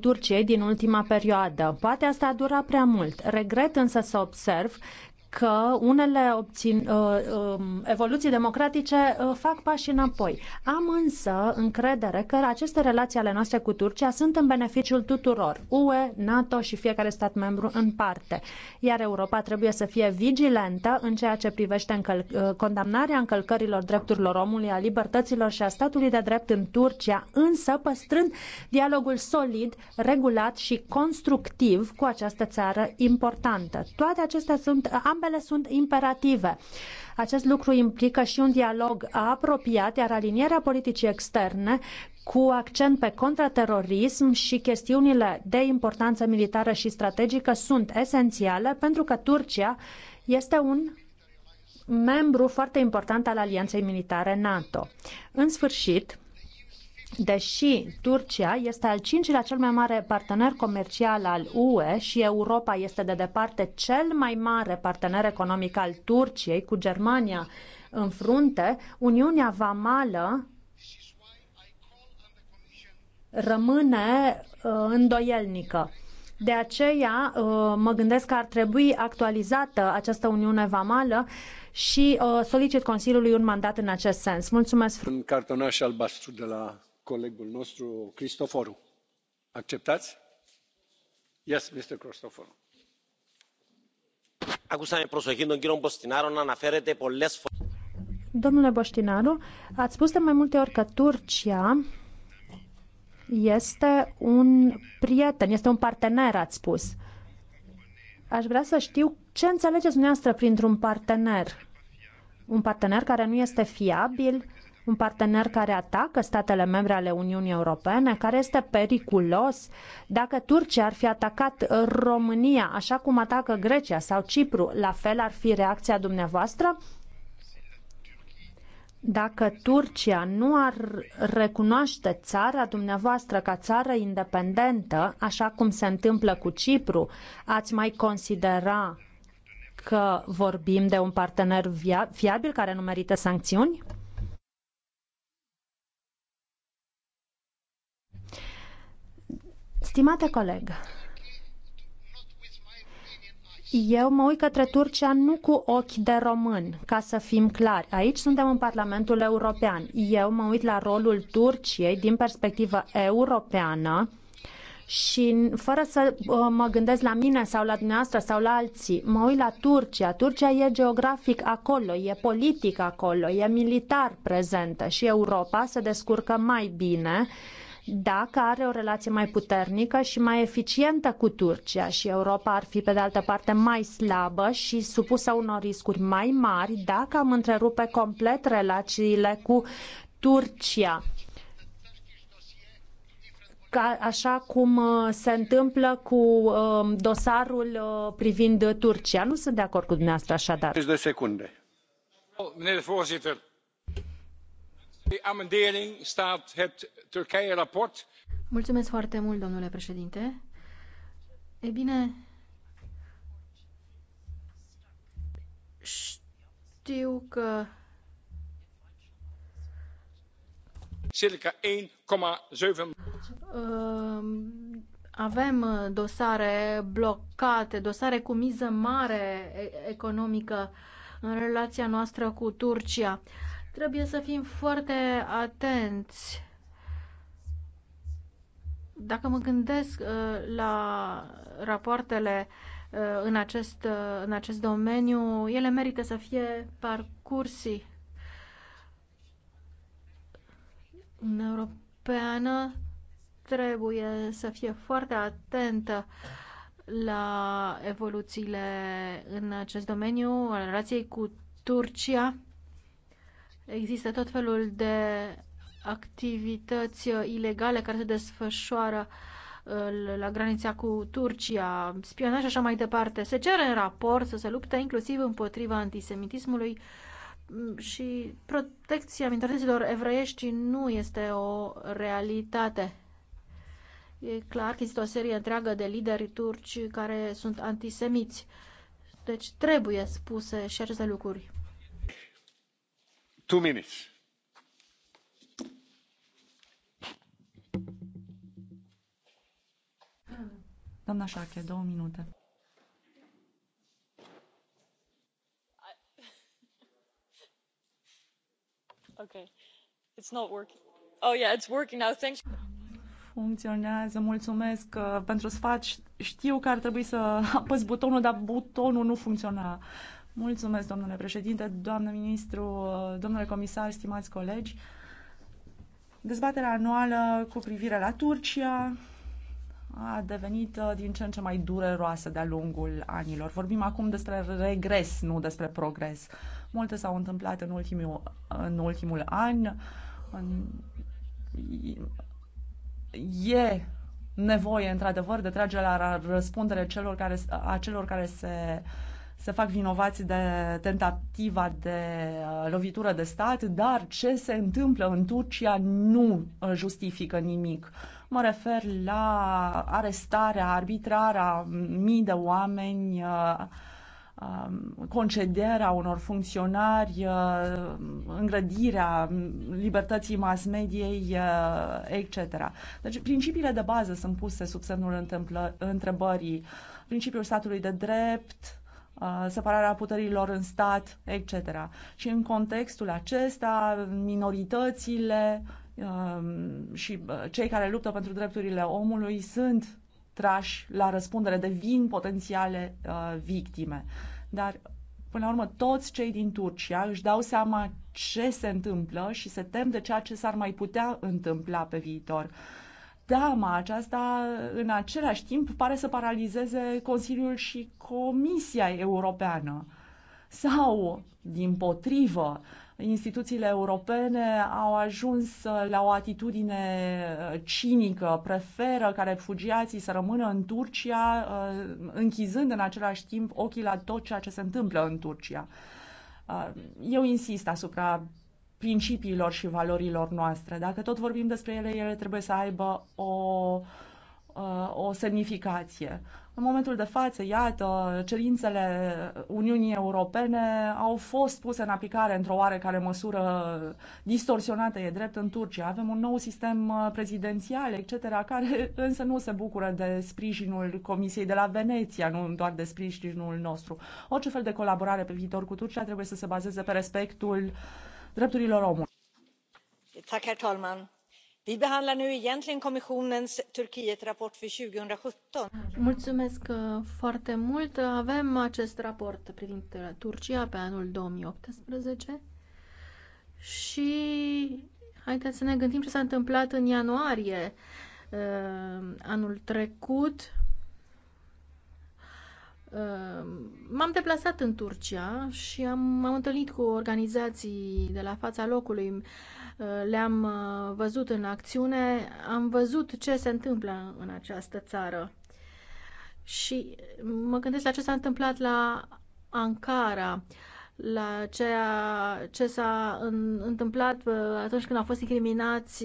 Turciei din ultima perioadă. Poate asta a durat prea mult. Regret însă să observ că unele obțin, uh, uh, evoluții democratice uh, fac pași înapoi. Am însă încredere că aceste relații ale noastre cu Turcia sunt în beneficiul tuturor, UE, NATO și fiecare stat membru în parte. Iar Europa trebuie să fie vigilentă în ceea ce privește încăl- uh, condamnarea încălcărilor drepturilor omului, a libertăților și a statului de drept în Turcia, însă păstrând dialogul solid, regulat și constructiv cu această țară importantă. Toate acestea sunt am Ambele sunt imperative. Acest lucru implică și un dialog apropiat, iar alinierea politicii externe cu accent pe contraterorism și chestiunile de importanță militară și strategică sunt esențiale pentru că Turcia este un membru foarte important al alianței militare NATO. În sfârșit, Deși Turcia este al cincilea cel mai mare partener comercial al UE și Europa este de departe cel mai mare partener economic al Turciei cu Germania în frunte, Uniunea Vamală rămâne uh, îndoielnică. De aceea uh, mă gândesc că ar trebui actualizată această Uniune Vamală și uh, solicit Consiliului un mandat în acest sens. Mulțumesc frumos! Un cartonaș albastru de la colegul nostru cristoforu. acceptați? Yes, Mr. Domnule Boștinaru, ați spus de mai multe ori că Turcia este un prieten, este un partener, ați spus. Aș vrea să știu ce înțelegeți dumneavoastră printr-un partener. Un partener care nu este fiabil, un partener care atacă statele membre ale Uniunii Europene, care este periculos. Dacă Turcia ar fi atacat România, așa cum atacă Grecia sau Cipru, la fel ar fi reacția dumneavoastră? Dacă Turcia nu ar recunoaște țara dumneavoastră ca țară independentă, așa cum se întâmplă cu Cipru, ați mai considera că vorbim de un partener fiabil care nu merită sancțiuni? Stimate coleg, eu mă uit către Turcia nu cu ochi de român, ca să fim clari. Aici suntem în Parlamentul European. Eu mă uit la rolul Turciei din perspectivă europeană și fără să uh, mă gândesc la mine sau la dumneavoastră sau la alții, mă uit la Turcia. Turcia e geografic acolo, e politic acolo, e militar prezentă și Europa se descurcă mai bine uh, dacă are o relație mai puternică și mai eficientă cu Turcia și Europa ar fi, pe de altă parte, mai slabă și supusă unor riscuri mai mari dacă am întrerupe complet relațiile cu Turcia. Ca, așa cum uh, se întâmplă cu um, dosarul uh, privind Turcia. Nu sunt de acord cu dumneavoastră așadar. 30 deci de secunde. Meneer de voorzitter, de amendering staat het Mulțumesc foarte mult, domnule președinte. E bine, știu că circa 1,7 ehm, avem dosare blocate, dosare cu miză mare economică în relația noastră cu Turcia. Trebuie să fim foarte atenți dacă mă gândesc uh, la rapoartele uh, în acest, uh, în acest domeniu, ele merită să fie parcursi în europeană trebuie să fie foarte atentă la evoluțiile în acest domeniu, al relației cu Turcia. Există tot felul de activități uh, ilegale care se desfășoară uh, la granița cu Turcia, spionaj și așa mai departe. Se cere în raport să se lupte inclusiv împotriva antisemitismului mm, și protecția minorităților evreiești nu este o realitate. E clar că există o serie întreagă de lideri turci care sunt antisemiți. Deci trebuie spuse și aceste lucruri. Two minutes. Doamna Șache, două minute. Okay. It's not working. Oh yeah, it's working now. Thanks. Funcționează. Mulțumesc uh, pentru sfat. Știu că ar trebui să apăs butonul, dar butonul nu funcționa. Mulțumesc, domnule președinte, doamnă ministru, uh, domnule comisar, stimați colegi. Dezbaterea anuală cu privire la Turcia a devenit uh, din ce în ce mai dureroasă de-a lungul anilor. Vorbim acum despre regres, nu despre progres. Multe s-au întâmplat în ultimul, în ultimul an. În... E nevoie, într-adevăr, de trage la răspundere celor care, a celor care se se fac vinovați de tentativa de uh, lovitură de stat, dar ce se întâmplă în Turcia nu uh, justifică nimic. Uh, Mă refer la arestarea arbitrară a mii de oameni, uh, um, concederea unor funcționari, uh, îngrădirea libertății mass mediei, uh, etc. Deci principiile de bază sunt puse sub semnul întrebării. Principiul statului de drept, separarea puterilor în stat, etc. Și în contextul acesta, minoritățile Um, și uh, cei care luptă pentru drepturile omului sunt trași la răspundere, devin potențiale uh, victime. Dar Până la urmă, toți cei din Turcia își dau seama ce se întâmplă și se tem de ceea ce s-ar mai putea întâmpla pe viitor. Teama aceasta, în același timp, pare să paralizeze Consiliul și Comisia Europeană. Sau, din potrivă, instituțiile europene au ajuns uh, la o atitudine uh, cinică, preferă ca refugiații să rămână în Turcia, uh, închizând în același timp ochii la tot ceea ce se întâmplă în Turcia. Eu insist asupra principiilor și valorilor noastre. Dacă tot vorbim despre ele, ele trebuie să aibă o, o semnificație. În momentul de față, iată, cerințele Uniunii Europene au fost puse în aplicare într-o oarecare măsură distorsionată, e drept, în Turcia. Avem un nou sistem uh, prezidențial, etc., care însă nu se bucură de sprijinul Comisiei de la Veneția, nu doar de sprijinul nostru. Orice fel de colaborare pe viitor cu Turcia trebuie să se bazeze pe respectul drepturilor omului. Herr talman! Mulțumesc uh, foarte mult. Avem acest raport privind uh, Turcia pe anul 2018 și haideți să ne gândim ce s-a întâmplat în ianuarie uh, anul trecut. M-am deplasat în Turcia și am, am întâlnit cu organizații de la fața locului Uh, le-am uh, văzut în acțiune, am văzut ce se întâmplă în această țară. Și mă gândesc la ce s-a întâmplat la Ankara, la ceea ce s-a întâmplat uh, atunci când au fost incriminați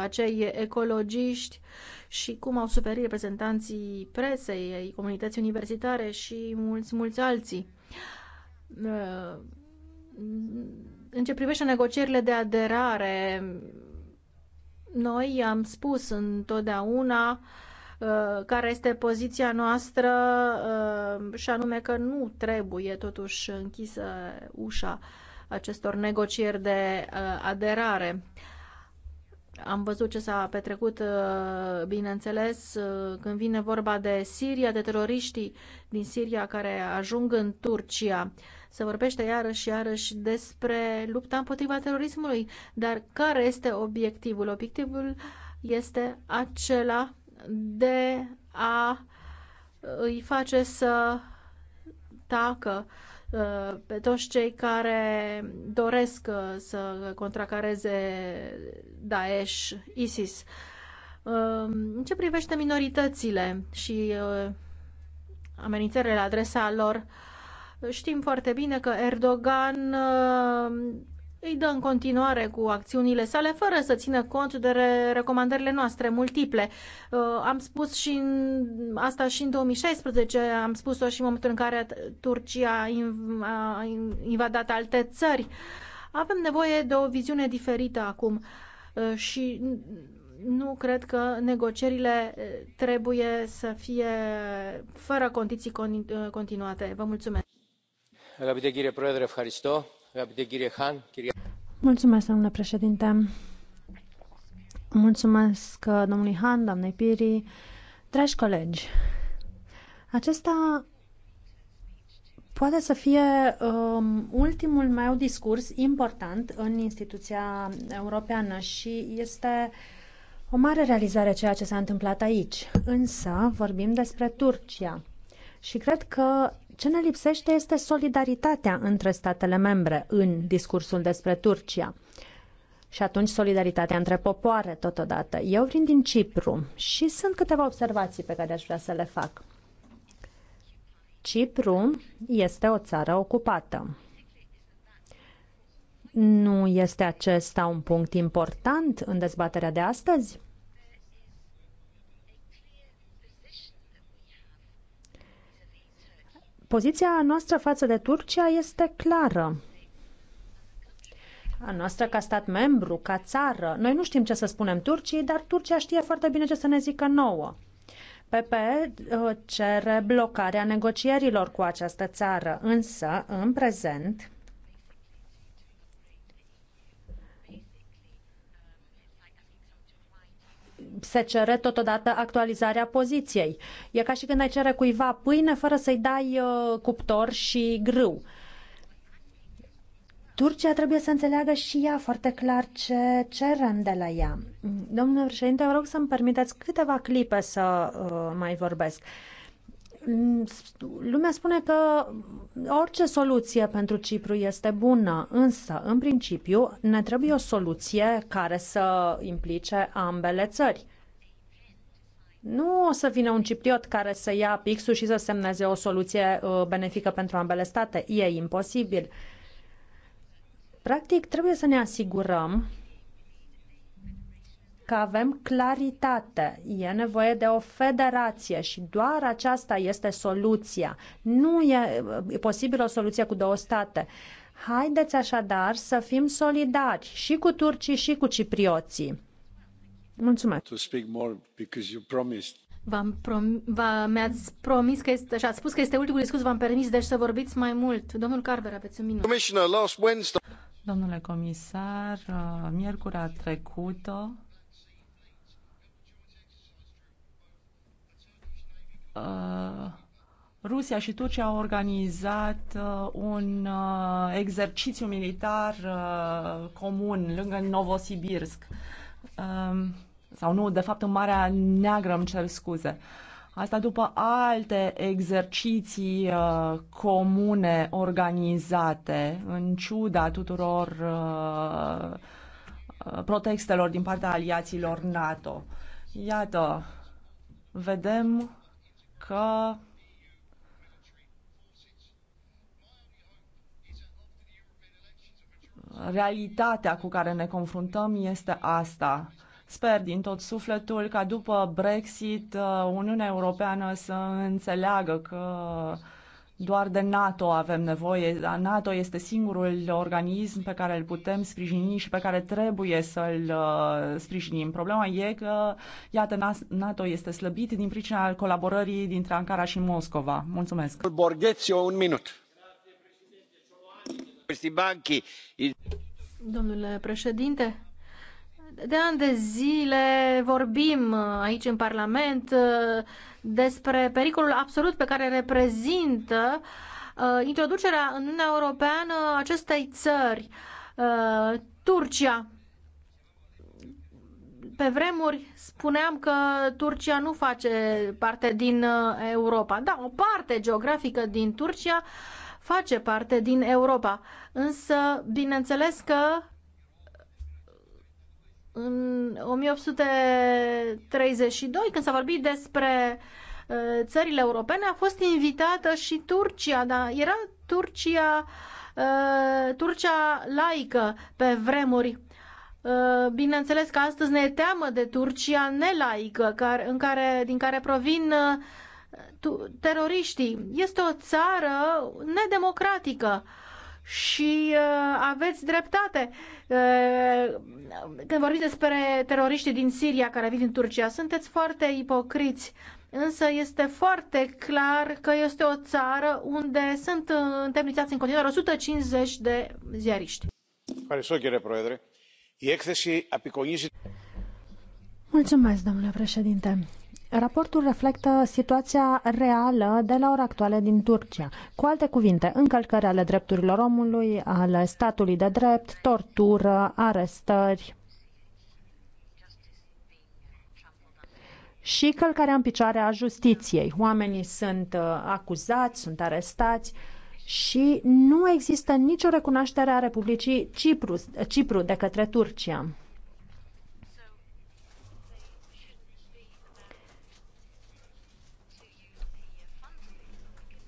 acei ecologiști și cum au suferit reprezentanții presei, comunității universitare și mulți, mulți alții în ce privește negocierile de aderare, noi am spus întotdeauna uh, care este poziția noastră uh, și anume că nu trebuie totuși închisă ușa acestor negocieri de uh, aderare. Am văzut ce s-a petrecut, bineînțeles, când vine vorba de Siria, de teroriștii din Siria care ajung în Turcia. Se vorbește iarăși și iarăși despre lupta împotriva terorismului, dar care este obiectivul? Obiectivul este acela de a uh, îi face să tacă uh, pe toți cei care doresc uh, să contracareze Daesh, ISIS. Um, în ce privește minoritățile și amenințările la adresa lor, Știm foarte bine că Erdogan uh, îi dă în continuare cu acțiunile sale, fără să țină cont de re- recomandările noastre multiple. Uh, am spus și în, asta și în 2016, am spus-o și în momentul în care Turcia inv- a invadat alte țări. Avem nevoie de o viziune diferită acum uh, și nu cred că negocierile uh, trebuie să fie fără condiții uh, continuate. Vă mulțumesc! domnule președinte. Mulțumesc domnului hahn doamnei Piri. Dragi colegi, acesta poate să fie um, ultimul meu discurs important în instituția europeană și este o mare realizare ceea ce s-a întâmplat aici. Însă vorbim despre Turcia și cred că ce ne lipsește este solidaritatea între statele membre în discursul despre Turcia. Și atunci solidaritatea între popoare totodată. Eu vin din Cipru și sunt câteva observații pe care aș vrea să le fac. Cipru este o țară ocupată. Nu este acesta un punct important în dezbaterea de astăzi? Poziția noastră față de Turcia este clară. A noastră ca stat membru, ca țară. Noi nu știm ce să spunem Turciei, dar Turcia știe foarte bine ce să ne zică nouă. PP uh, cere blocarea negocierilor cu această țară, însă, în prezent, se cere totodată actualizarea poziției. E ca și când ai cere cuiva pâine fără să-i dai uh, cuptor și grâu. Turcia trebuie să înțeleagă și ea foarte clar ce cerem de la ea. Domnule președinte, vă rog să-mi permiteți câteva clipe să uh, mai vorbesc. Lumea spune că orice soluție pentru Cipru este bună, însă, în principiu, ne trebuie o soluție care să implice ambele țări. Nu o să vină un cipriot care să ia pixul și să semneze o soluție uh, benefică pentru ambele state. E imposibil. Practic, trebuie să ne asigurăm că avem claritate. E nevoie de o federație și doar aceasta este soluția. Nu e, e posibil o soluție cu două state. Haideți așadar să fim solidari și cu turcii și cu ciprioții V-am ați promis că este, și ați spus că este ultimul discurs, v-am permis deci să vorbiți mai mult. Domnul Carver, aveți un minut. Domnule comisar, uh, miercurea trecută uh, Rusia și Turcia au organizat uh, un uh, exercițiu militar comun lângă Novosibirsk. Um, sau nu, de fapt în Marea Neagră, îmi cer scuze. Asta după alte exerciții uh, comune organizate, în ciuda tuturor uh, uh protestelor din partea aliaților NATO. Iată, vedem că realitatea cu care ne confruntăm este asta. Sper din tot sufletul ca după Brexit uh, Uniunea Europeană să înțeleagă că doar de NATO avem nevoie. NATO este singurul organism pe care îl putem sprijini și pe care trebuie să-l uh, sprijinim. Problema e că, iată, NATO este slăbit din pricina colaborării dintre Ankara și Moscova. Mulțumesc. Borghețiu, un minut. Domnule președinte, de ani de zile vorbim uh, aici în Parlament uh, despre pericolul absolut pe care reprezintă uh, introducerea în Uniunea Europeană acestei țări, Turcia. Pe vremuri spuneam că Turcia nu face parte din Europa. Da, o parte geografică din Turcia face parte din Europa. Însă, bineînțeles că în 1832, când s-a vorbit despre uh, țările europene, a fost invitată și Turcia, dar era Turcia, uh, Turcia laică pe vremuri. Uh, bineînțeles că astăzi ne teamă de Turcia nelaică, în care, din care provin teroriștii. Este o țară nedemocratică și aveți dreptate când vorbiți despre teroriștii din Siria care vin din Turcia, sunteți foarte ipocriți. Însă este foarte clar că este o țară unde sunt întemnițați în continuare 150 de ziariști. Mulțumesc, domnule președinte. Raportul reflectă situația reală de la ora actuală din Turcia. Cu alte cuvinte, încălcări ale drepturilor omului, ale statului de drept, tortură, arestări și călcarea în picioare a justiției. Oamenii sunt uh, acuzați, sunt arestați și nu există nicio recunoaștere a Republicii Cipru, Cipru de către Turcia.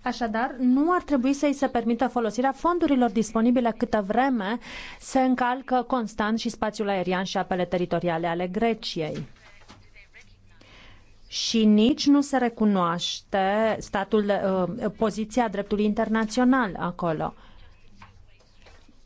Așadar, nu ar trebui să-i se permită folosirea fondurilor disponibile câtă vreme se încalcă constant și spațiul aerian și apele teritoriale ale Greciei. Și nici nu se recunoaște statul, uh, poziția dreptului internațional acolo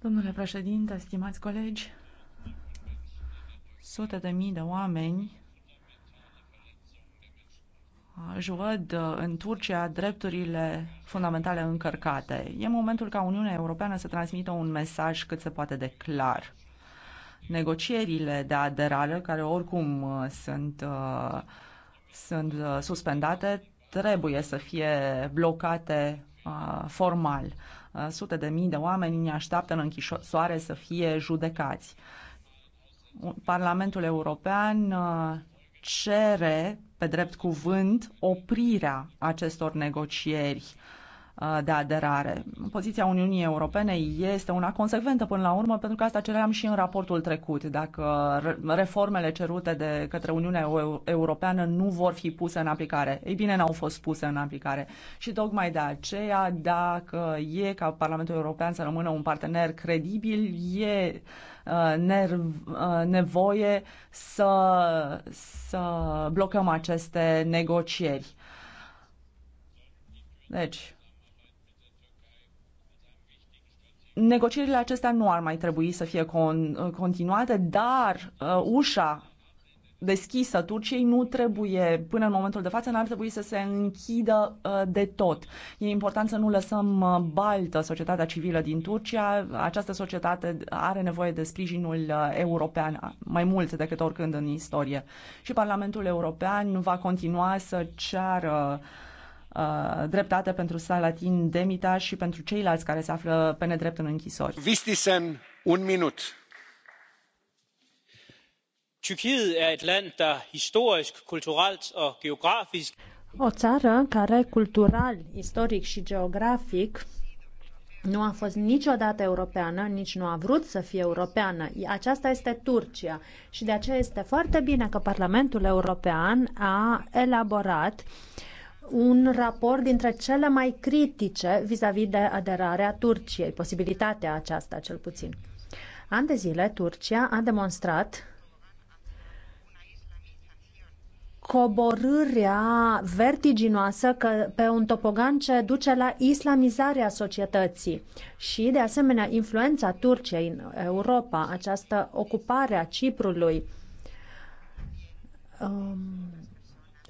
domnule președinte stimați colegi sute de mii de oameni își văd în Turcia drepturile fundamentale încărcate. E momentul ca Uniunea Europeană să transmită un mesaj cât se poate de clar. Negocierile de aderare, care oricum uh, sunt uh, sunt uh, suspendate trebuie să fie blocate uh, formal. Uh, sute de mii de oameni așteaptă în închisoare să fie judecați. Parlamentul European uh, cere, pe drept cuvânt, oprirea acestor negocieri uh, Uh, de aderare. Poziția Uniunii Europene este una consecventă până la urmă, pentru că asta ceream și în raportul trecut. Dacă reformele cerute de către Uniunea Europeană nu vor fi puse în aplicare, ei bine, n-au fost puse în aplicare. Și tocmai de aceea, dacă e ca Parlamentul European să rămână un partener credibil, e uh, uh, nevoie să, să blocăm aceste negocieri. Deci, Negocierile acestea nu ar mai trebui să fie con- continuate, dar uh, ușa deschisă Turciei nu trebuie, până în momentul de față, n-ar trebui să se închidă uh, de tot. E important să nu lăsăm uh, baltă societatea civilă din Turcia. Această societate are nevoie de sprijinul uh, european mai mult decât oricând în istorie. Și Parlamentul European va continua să ceară uh, Uh, dreptate pentru Salatin Demita și pentru ceilalți care se află pe nedrept în închisori. Vistisen, un minut. Tyrkiet er un land, o țară care cultural, istoric și geografic nu a fost niciodată europeană, nici nu a vrut să fie europeană. Aceasta este Turcia și de aceea este foarte bine că Parlamentul European a elaborat uh, un raport dintre cele mai critice vis-a-vis -vis de aderarea Turciei, posibilitatea aceasta cel puțin. An de zile, Turcia a demonstrat coborârea vertiginoasă că, pe un topogan ce duce la islamizarea societății și, de asemenea, influența Turciei în Europa, această ocupare a Ciprului, um,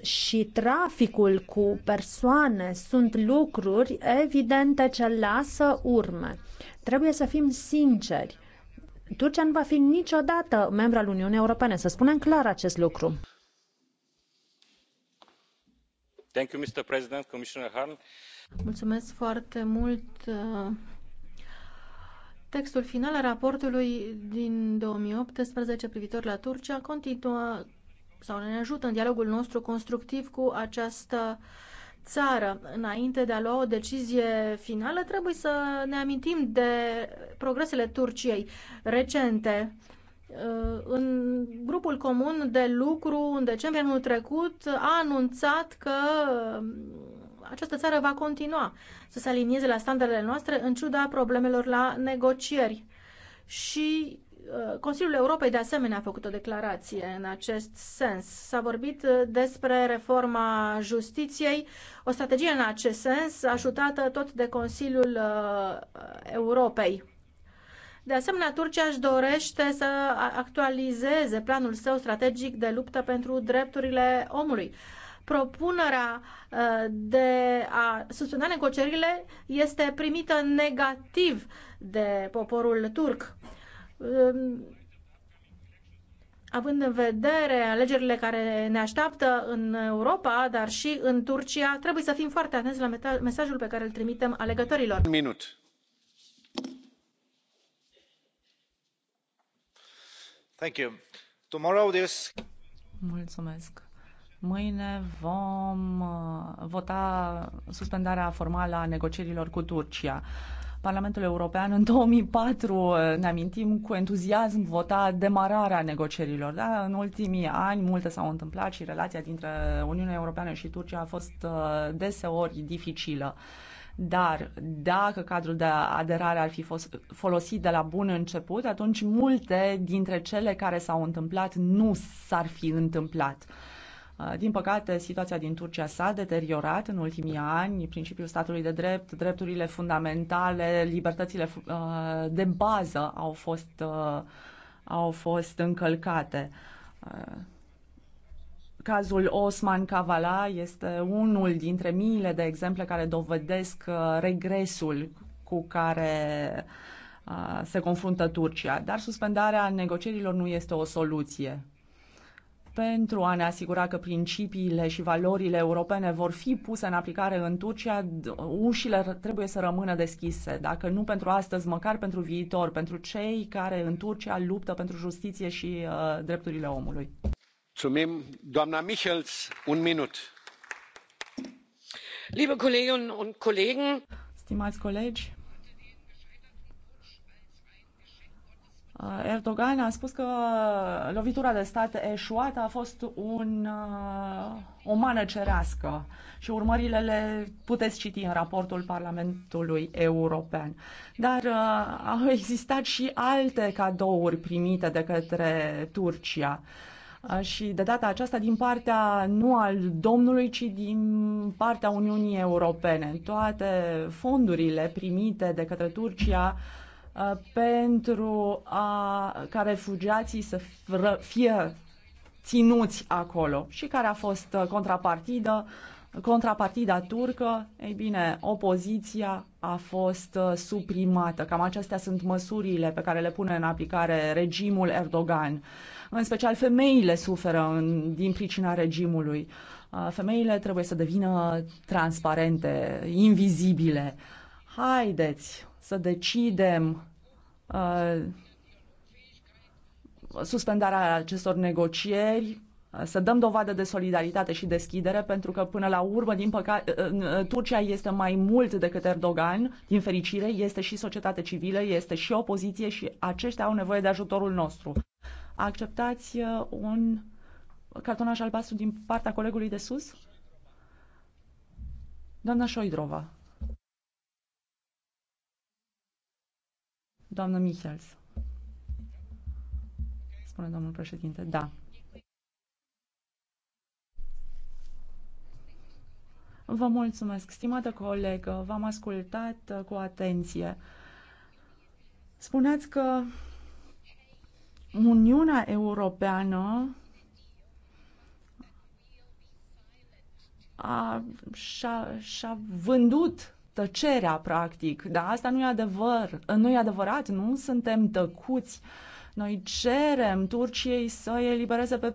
și traficul cu persoane sunt lucruri evidente ce lasă urme. Trebuie să fim sinceri. Turcia nu va fi niciodată membru al Uniunii Europene. Să spunem clar acest lucru. Thank you, Mr. President, Commissioner Hahn. Mulțumesc foarte mult. Uh, textul final al raportului din 2018 privitor la Turcia continuă sau ne ajută în dialogul nostru constructiv cu această țară. Înainte de a lua o decizie finală, trebuie să ne amintim de progresele Turciei recente. Uh, în grupul comun de lucru, în decembrie anul trecut, a anunțat că uh, această țară va continua să se alinieze la standardele noastre în ciuda problemelor la negocieri. Și Uh, Consiliul Europei de asemenea a făcut o declarație în acest sens. S-a vorbit uh, despre reforma justiției, o strategie în acest sens ajutată tot de Consiliul uh, Europei. De asemenea, Turcia își dorește să actualizeze planul său strategic de luptă pentru drepturile omului. Propunerea de a suspenda negocierile este primită negativ de poporul turc având în vedere alegerile care ne așteaptă în Europa, dar și în Turcia, trebuie să fim foarte atenți la mesajul pe care îl trimitem alegătorilor. Un minut. Thank you. Tomorrow this... Mulțumesc. Mâine vom uh, vota suspendarea formală a negocierilor cu Turcia. Parlamentul European în 2004, eh, ne amintim, cu entuziasm vota demararea negocierilor. Da? În ultimii ani multe s-au întâmplat și relația dintre Uniunea Europeană și Turcia a fost eh, deseori dificilă. Dar dacă cadrul de aderare ar fi fost folosit de la bun început, atunci multe dintre cele care s-au întâmplat nu s-ar fi întâmplat. Uh, Uh, din păcate, situația din Turcia s-a deteriorat în ultimii ani. Principiul statului de drept, drepturile fundamentale, libertățile uh, de bază au fost, uh, au fost încălcate. Cazul Osman Kavala este unul dintre miile de exemple care dovedesc regresul cu care se confruntă Turcia, dar suspendarea negocierilor nu este o soluție pentru a ne asigura că principiile și valorile europene vor fi puse în aplicare în Turcia, ușile trebuie să rămână deschise, dacă nu pentru astăzi, măcar pentru viitor, pentru cei care în Turcia luptă pentru justiție și uh, drepturile omului. Mulțumim. Doamna Michels, un minut. Liebe Kolleginnen und Kollegen, Stimați colegi, Uh, Erdogan a spus că lovitura de stat eșuată a fost un, uh, o mană cerească și urmările le puteți citi în raportul Parlamentului European. Dar uh, au existat și alte cadouri primite de către Turcia. Și de data aceasta din partea nu al Domnului, ci din partea Uniunii Europene. Toate fondurile primite de către Turcia uh, Uh, pentru a, ca refugiații să fie ținuți acolo și care a fost uh, contrapartidă contrapartida turcă, ei bine, opoziția a fost uh, suprimată. Cam acestea sunt măsurile pe care le pune în aplicare regimul Erdogan. În special femeile suferă în, din pricina regimului. Femeile trebuie să devină transparente, invizibile. Uh, Haideți să decidem uh, suspendarea acestor negocieri, uh, să dăm dovadă de solidaritate și deschidere, pentru că până la urmă, din păcate, uh, uh, Turcia este mai mult decât Erdogan, din fericire, este și societate civilă, este și opoziție și aceștia au nevoie de ajutorul nostru. Acceptați un cartonaș albastru din partea colegului de sus? Doamna Șoidrova. Doamna Michels. Spune domnul președinte, da. Vă mulțumesc, stimată colegă, v-am ascultat uh, cu atenție. Spuneați că Uniunea Europeană a, și-a, și-a vândut tăcerea, practic. Dar asta nu e adevăr, nu e adevărat, nu suntem tăcuți. Noi cerem Turciei să elibereze pe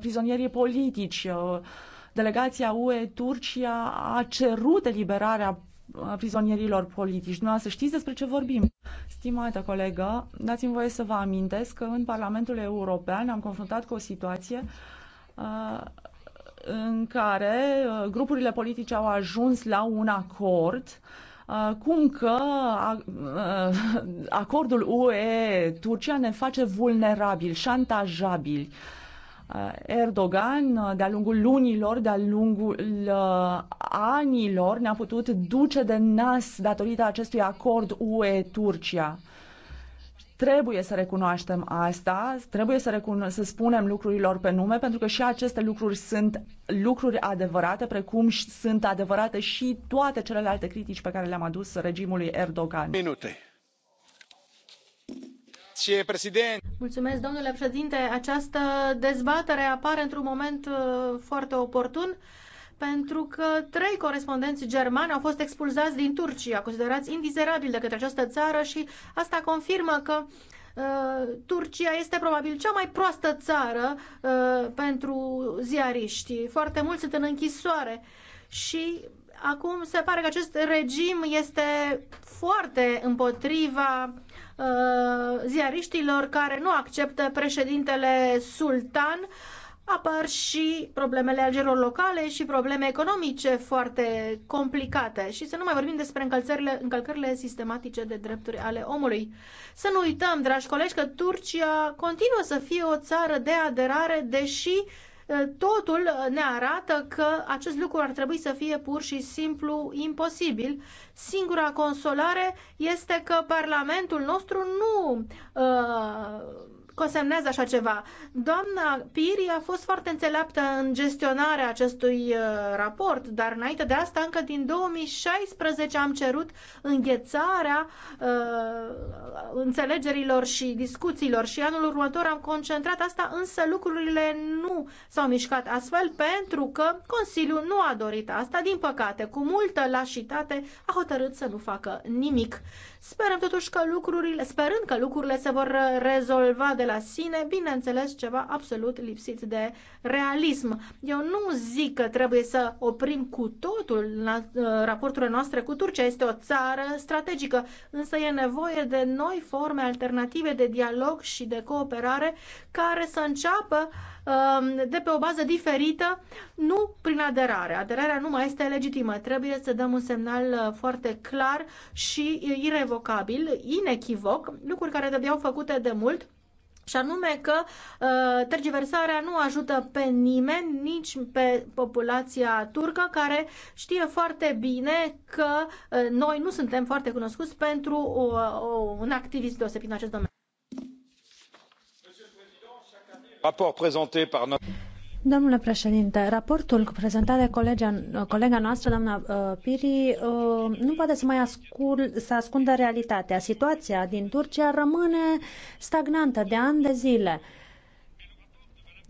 prizonierii politici. Delegația UE Turcia a cerut eliberarea uh, prizonierilor politici. Nu să știți despre ce vorbim. Stimată colegă, dați-mi voie să vă amintesc că în Parlamentul European am confruntat cu o situație uh, în care uh, grupurile politice au ajuns la un acord uh, cum că uh, acordul UE-Turcia ne face vulnerabili, șantajabili. Erdogan, de-a lungul lunilor, de-a lungul anilor, ne-a putut duce de nas datorită acestui acord UE-Turcia. Trebuie să recunoaștem asta, trebuie să, recun- să spunem lucrurilor pe nume, pentru că și aceste lucruri sunt lucruri adevărate, precum sunt adevărate și toate celelalte critici pe care le-am adus regimului Erdogan. Minute. Mulțumesc, domnule președinte această dezbatere apare într un moment uh, foarte oportun pentru că trei corespondenți germani au fost expulzați din Turcia, considerați indizerabili de către această țară și asta confirmă că uh, Turcia este probabil cea mai proastă țară uh, pentru ziariști. Foarte mulți sunt în închisoare și acum se pare că acest regim este foarte împotriva uh, ziariștilor care nu acceptă președintele sultan uh, apar și problemele algerilor locale și probleme economice foarte complicate și să nu mai vorbim despre încălțările, încălcările sistematice de drepturi ale omului. Să nu uităm, dragi colegi, că Turcia continuă să fie o țară de aderare, deși eh, totul ne arată că acest lucru ar trebui să fie pur și simplu imposibil. Singura consolare este că Parlamentul nostru nu uh, consemnează așa ceva. Doamna Piri a fost foarte înțeleaptă în gestionarea acestui uh, raport, dar înainte de asta, încă din 2016 am cerut înghețarea uh, înțelegerilor și discuțiilor și anul următor am concentrat asta, însă lucrurile nu s-au mișcat astfel pentru că Consiliul nu a dorit asta, din păcate, cu multă lașitate a hotărât să nu facă nimic. Sperăm totuși că lucrurile, sperând că lucrurile se vor rezolva de la sine, bineînțeles ceva absolut lipsit de realism. Eu nu zic că trebuie să oprim cu totul uh, raporturile noastre cu Turcia. Este o țară strategică, însă e nevoie de noi forme alternative de dialog și de cooperare care să înceapă uh, Um, de pe o bază diferită, nu prin aderare. Aderarea nu mai este legitimă. Trebuie să dăm un semnal uh, foarte clar și irrevocabil, inechivoc, lucruri care trebuiau făcute de mult și anume că uh, tergiversarea nu ajută pe nimeni, nici pe populația turcă, care știe foarte bine că uh, noi nu suntem foarte cunoscuți pentru uh, un activist deosebit în acest domeniu. Domnule președinte, raportul prezentat de colega noastră, doamna uh, Piri, uh, nu poate mai să ascundă realitatea. Situația din Turcia rămâne stagnantă de ani de zile.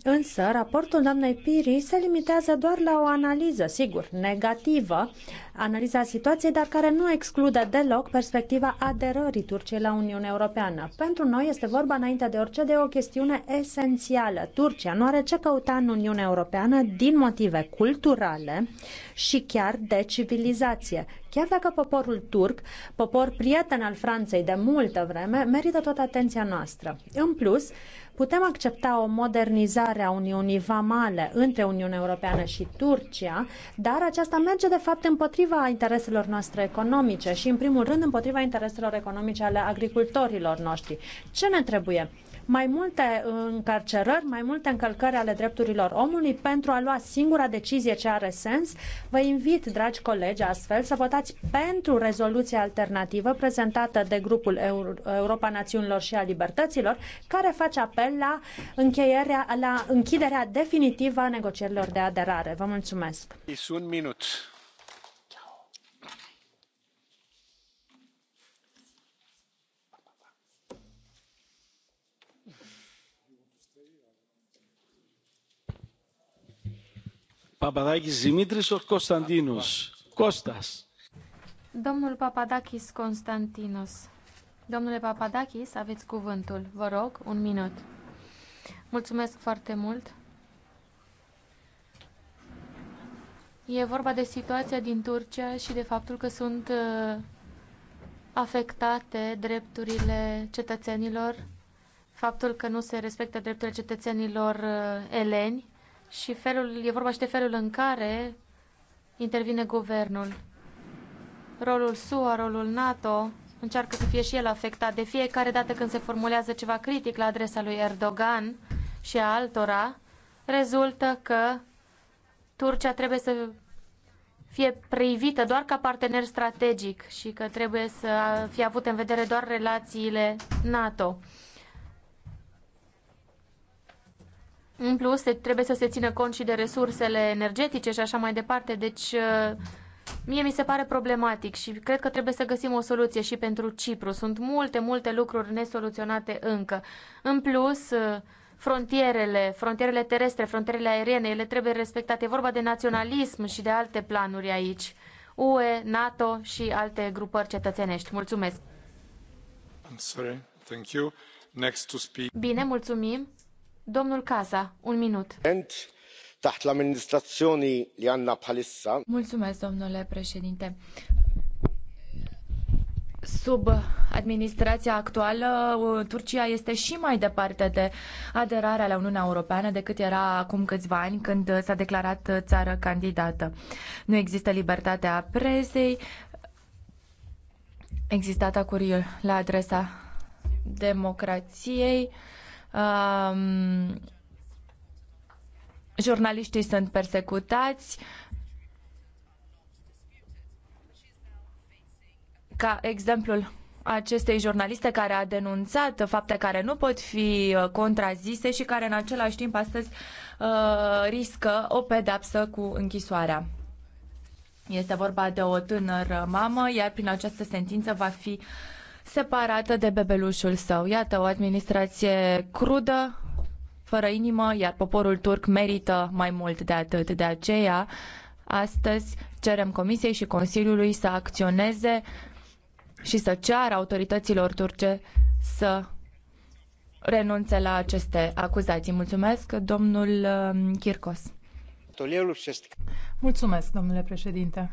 Însă, raportul doamnei Piri se limitează doar la o analiză, sigur, negativă, analiza situației, dar care nu exclude deloc perspectiva aderării Turciei la Uniunea Europeană. Pentru noi este vorba, înainte de orice, de o chestiune esențială. Turcia nu are ce căuta în Uniunea Europeană din motive culturale și chiar de civilizație. Chiar dacă poporul turc, popor prieten al Franței de multă vreme, merită toată atenția noastră. În plus, Putem accepta o modernizare a Uniunii Vamale între Uniunea Europeană și Turcia, dar aceasta merge de fapt împotriva intereselor noastre economice și în primul rând împotriva intereselor economice ale agricultorilor noștri. Ce ne trebuie? mai multe încarcerări, mai multe încălcări ale drepturilor omului pentru a lua singura decizie ce are sens. Vă invit, dragi colegi, astfel să votați pentru rezoluția alternativă prezentată de grupul Europa Națiunilor și a Libertăților, care face apel la, încheierea, la închiderea definitivă a negocierilor de aderare. Vă mulțumesc! minut. Papadakis Dimitris Costas. Domnul Papadakis Constantinos. Domnule Papadakis, aveți cuvântul. Vă rog, un minut. Mulțumesc foarte mult. E vorba de situația din Turcia și de faptul că sunt uh, afectate drepturile cetățenilor, faptul că nu se respectă drepturile cetățenilor uh, eleni și felul, e vorba și de felul în care intervine guvernul. Rolul SUA, rolul NATO încearcă să fie și el afectat de fiecare dată când se formulează ceva critic la adresa lui Erdogan și a altora, rezultă că Turcia trebuie să fie privită doar ca partener strategic și că trebuie să fie avut în vedere doar relațiile NATO. În plus, trebuie să se țină cont și de resursele energetice și așa mai departe. Deci, uh, mie mi se pare problematic și cred că trebuie să găsim o soluție și pentru Cipru. Sunt multe, multe lucruri nesoluționate încă. În plus, uh, frontierele, frontierele terestre, frontierele aeriene, ele trebuie respectate. E vorba de naționalism și de alte planuri aici. UE, NATO și alte grupări cetățenești. Mulțumesc! I'm sorry. Thank you. Next to speak. Bine, mulțumim! Domnul Casa, un minut. Mulțumesc, domnule președinte. Sub administrația actuală, uh, Turcia este și mai departe de aderarea la Uniunea Europeană decât era acum câțiva ani când s-a declarat țară candidată. Nu există libertatea presei, există atacuri la adresa democrației. Um, jurnaliștii sunt persecutați. Ca exemplul acestei jurnaliste care a denunțat fapte care nu pot fi uh, contrazise și care în același timp astăzi uh, riscă o pedapsă cu închisoarea. Este vorba de o tânără mamă, iar prin această sentință va fi uh, separată de bebelușul său. Iată, o administrație crudă, fără inimă, iar poporul turc merită mai mult de atât. De aceea, astăzi cerem Comisiei și Consiliului să acționeze și să ceară autorităților turce să renunțe la aceste acuzații. Mulțumesc, domnul Kirkos. Um, Mulțumesc, domnule președinte.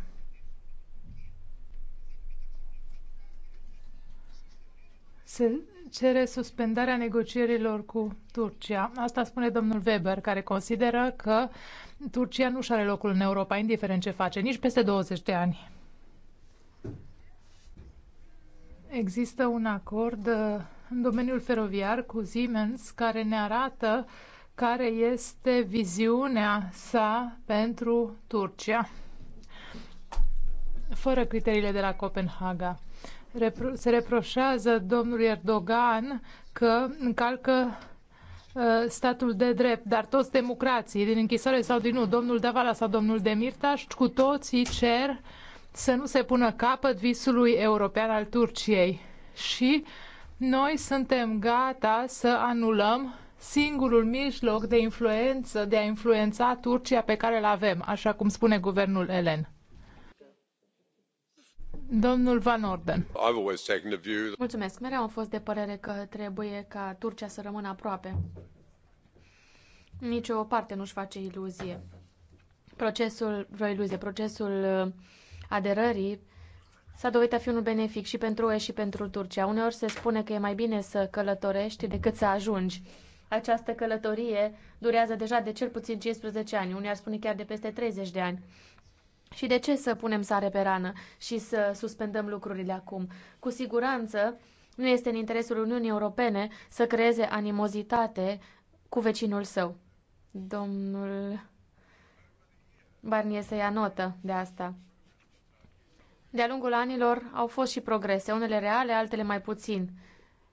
se cere suspendarea negocierilor cu Turcia. Asta spune domnul Weber, care consideră că Turcia nu și are locul în Europa, indiferent ce face, nici peste 20 de ani. Există un acord uh, în domeniul feroviar cu Siemens care ne arată care este viziunea sa pentru Turcia, fără criteriile de la Copenhaga repro- se reproșează domnului Erdogan că încalcă uh, statul de drept, dar toți democrații, din închisoare sau din nu, domnul Davala sau domnul Demirtaș, cu toții cer să nu se pună capăt visului european al Turciei. Și noi suntem gata să anulăm singurul mijloc de influență, de a influența Turcia pe care îl avem, așa cum spune guvernul Elen. Domnul Van Orden. Mulțumesc. Mereu am fost de părere că trebuie ca Turcia să rămână aproape. Nici o parte nu-și face iluzie. Procesul, vreo iluzie, procesul uh, aderării s-a dovedit a fi unul benefic și pentru UE și pentru Turcia. Uneori se spune că e mai bine să călătorești decât să ajungi. Această călătorie durează deja de cel puțin 15 ani, unii ar spune chiar de peste 30 de ani. Și de ce să punem sare pe rană și să suspendăm lucrurile acum? Cu siguranță nu este în interesul Uniunii Europene să creeze animozitate cu vecinul său. Domnul Barnier să ia notă de asta. De-a lungul anilor au fost și progrese, unele reale, altele mai puțin.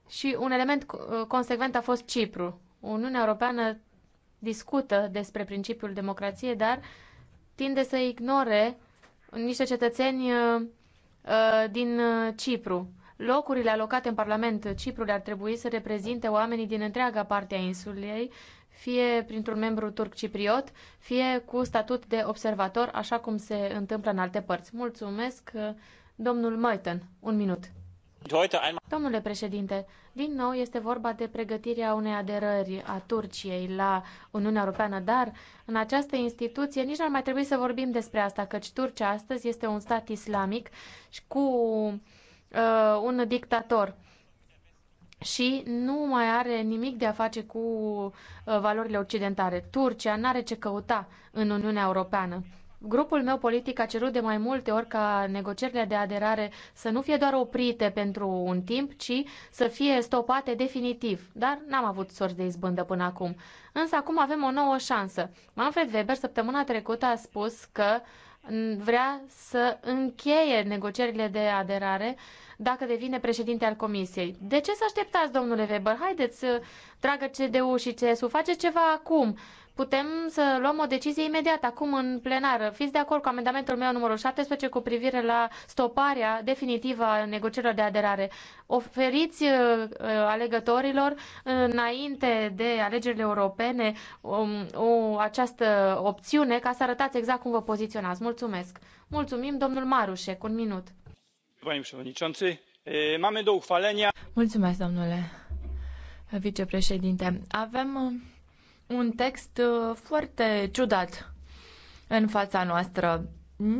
Și un element uh, consecvent a fost Cipru. Uniunea Europeană discută despre principiul democrației, dar uh, tinde să ignore niște cetățeni uh, uh, din uh, Cipru. Locurile alocate în Parlament Ciprului ar trebui să reprezinte oamenii din întreaga parte a insulei, fie printr-un membru turc cipriot, fie cu statut de observator, așa cum se întâmplă în alte părți. Mulțumesc, domnul Maiten. Un minut. Domnule președinte, din nou este vorba de pregătirea unei aderări a Turciei la Uniunea Europeană, dar în această instituție nici nu ar mai trebui să vorbim despre asta, căci Turcia astăzi este un stat islamic și cu uh, un dictator și nu mai are nimic de a face cu uh, valorile occidentale. Turcia nu are ce căuta în Uniunea Europeană. Grupul meu politic a cerut de mai multe ori ca negocierile de aderare să nu fie doar oprite pentru un timp, ci să fie stopate definitiv. Dar n-am avut sorți de izbândă până acum. Însă acum avem o nouă șansă. Manfred Weber săptămâna trecută a spus că vrea să încheie negocierile de aderare dacă devine președinte al Comisiei. De ce să așteptați, domnule Weber? Haideți, dragă CDU și CSU, faceți ceva acum putem să luăm o decizie imediat, acum în plenară. Fiți de acord cu amendamentul meu numărul 17 cu privire la stoparea definitivă a negocierilor de aderare. Oferiți uh, uh, alegătorilor înainte de alegerile europene o, um, o, această opțiune ca să arătați exact cum vă poziționați. Mulțumesc. Mulțumim, domnul Marușec. Un minut. Mulțumesc, domnule vicepreședinte. Avem un text uh, foarte ciudat în fața noastră.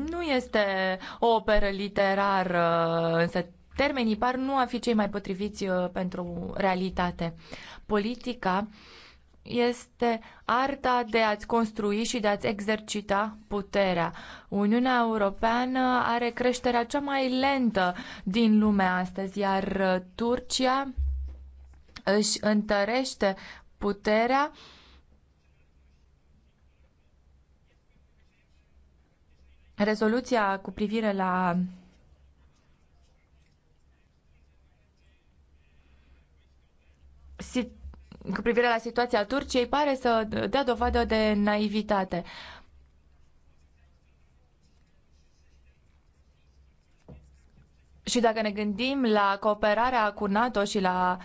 Nu este o operă literară, însă termenii par nu a fi cei mai potriviți uh, pentru realitate. Politica este arta de a-ți construi și de a-ți exercita puterea. Uniunea Europeană are creșterea cea mai lentă din lume astăzi, iar uh, Turcia își întărește puterea uh, Rezoluția cu privire la cu privire la situația Turciei pare să dea dovadă de naivitate. Și dacă ne gândim la cooperarea cu NATO și la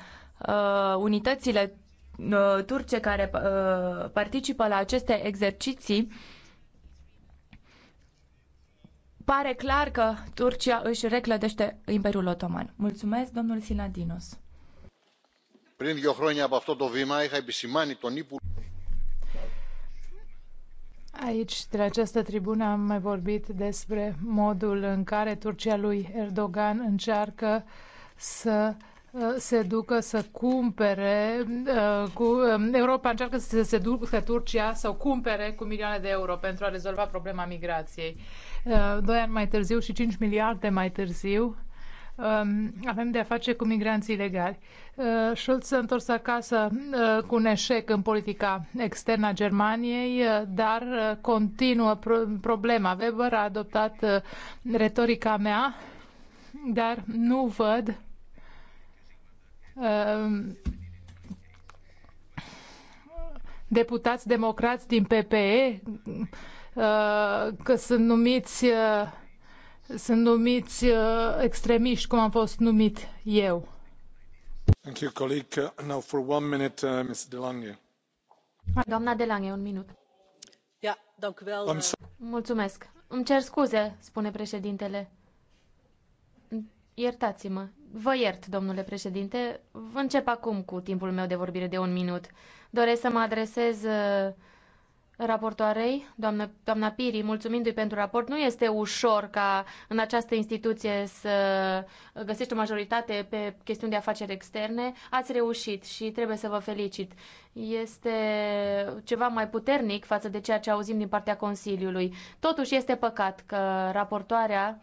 uh, unitățile uh, turce care uh, participă la aceste exerciții, uh, pare clar că Turcia își reclădește Imperiul Otoman. Mulțumesc, domnul Sinadinos. Prin δύο χρόνια από αυτό το βήμα είχα επισημάνει τον Aici, de la această tribună, am mai vorbit despre modul în care Turcia lui Erdogan încearcă să uh, se ducă să cumpere uh, cu um, Europa încearcă să se ducă Turcia să o cumpere cu milioane de euro pentru a rezolva problema migrației. Uh, doi ani mai târziu și 5 miliarde mai târziu, um, avem de a face cu migranții ilegali. Uh, Schulz s-a întors acasă uh, cu un eșec în politica externă a Germaniei, dar continuă problema. Weber a adoptat retorica mea, dar nu văd um, deputați democrați din PPE Uh, că sunt numiți, uh, sunt numiți uh, extremiști, cum am fost numit eu. Thank you, colleague. Now for one minute, uh, Ms. Delange. Doamna Delange, un minut. Yeah, dank u wel. Eh. Mulțumesc. Îmi cer scuze, spune președintele. Iertați-mă. Vă iert, domnule președinte. Încep acum cu timpul meu de vorbire de un minut. Doresc să mă adresez uh, raportoarei, doamnă, doamna Piri, mulțumindu-i pentru raport. Nu este ușor ca în această instituție să găsești o majoritate pe chestiuni de afaceri externe. Ați reușit și trebuie să vă felicit. Este ceva mai puternic față de ceea ce auzim din partea Consiliului. Totuși este păcat că raportoarea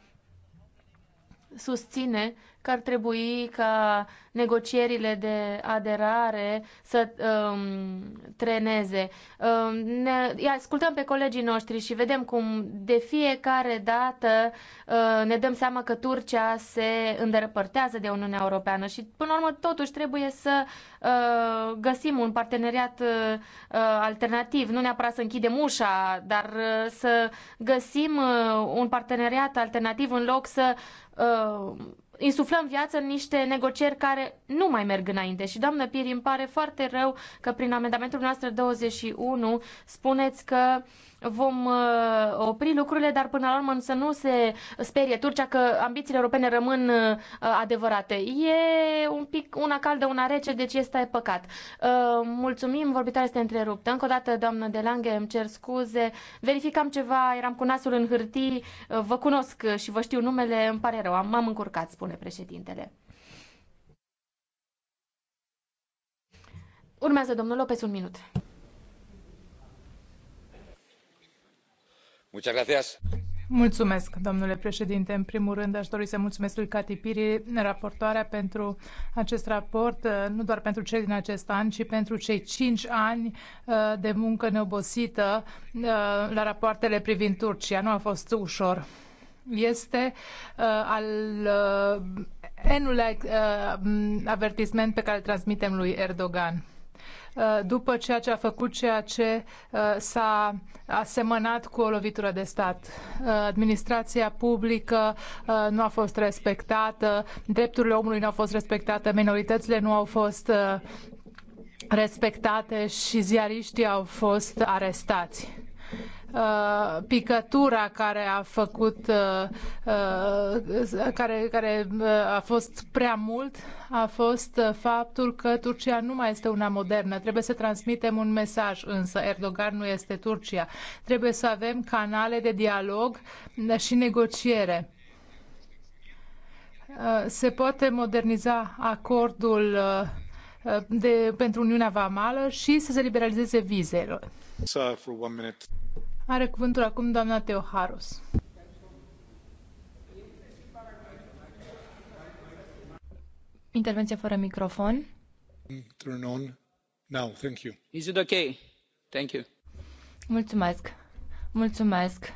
susține uh, că ar trebui ca negocierile de aderare să um, treneze. Um, ne, ascultăm pe colegii noștri și vedem cum de fiecare dată uh, ne dăm seama că Turcia se îndepărtează de Uniunea Europeană și până la urmă totuși trebuie să uh, găsim un parteneriat uh, uh alternativ, nu neapărat să închidem ușa, dar uh, să găsim uh, un parteneriat alternativ în loc să uh, insuflăm viață în niște negocieri care nu mai merg înainte. Și, doamnă Piri, îmi pare foarte rău că prin amendamentul noastră 21 spuneți că vom uh, opri lucrurile, dar până la urmă să nu se sperie Turcia că ambițiile europene rămân uh, adevărate. E un pic una caldă, una rece, deci este păcat. Uh, mulțumim, vorbitoarea este întreruptă. Încă o dată, doamnă de Lange, îmi cer scuze. Verificam ceva, eram cu nasul în hârtii, vă cunosc și vă știu numele, îmi pare rău, m-am încurcat, spune spune președintele. Urmează domnul Lopez un minut. Mulțumesc, domnule președinte. În primul rând, aș dori să mulțumesc lui Cati Piri, raportoarea, pentru acest raport, nu doar pentru cel din acest an, ci pentru cei cinci ani uh, de muncă neobosită uh, la rapoartele privind Turcia. Nu a fost ușor este uh, al uh, enule uh, avertisment pe care îl transmitem lui Erdogan uh, după ceea ce a făcut ceea ce uh, s-a asemănat cu o lovitură de stat. Uh, administrația publică nu a fost respectată, drepturile omului nu au fost respectate, minoritățile nu au fost respectate și ziariștii au fost arestați uh, picătura care a făcut uh, uh, care, care uh, a fost prea mult a fost uh, faptul că Turcia nu mai este una modernă. Trebuie să transmitem un mesaj, însă Erdogan nu este Turcia. Trebuie să avem canale de dialog și negociere uh, se poate moderniza acordul de, pentru Uniunea Vamală și să se liberalizeze vizele. Are cuvântul acum doamna Teoharus. Intervenție fără microfon. Turn on now. Thank you. Is it okay? Thank you. Mulțumesc. Mulțumesc.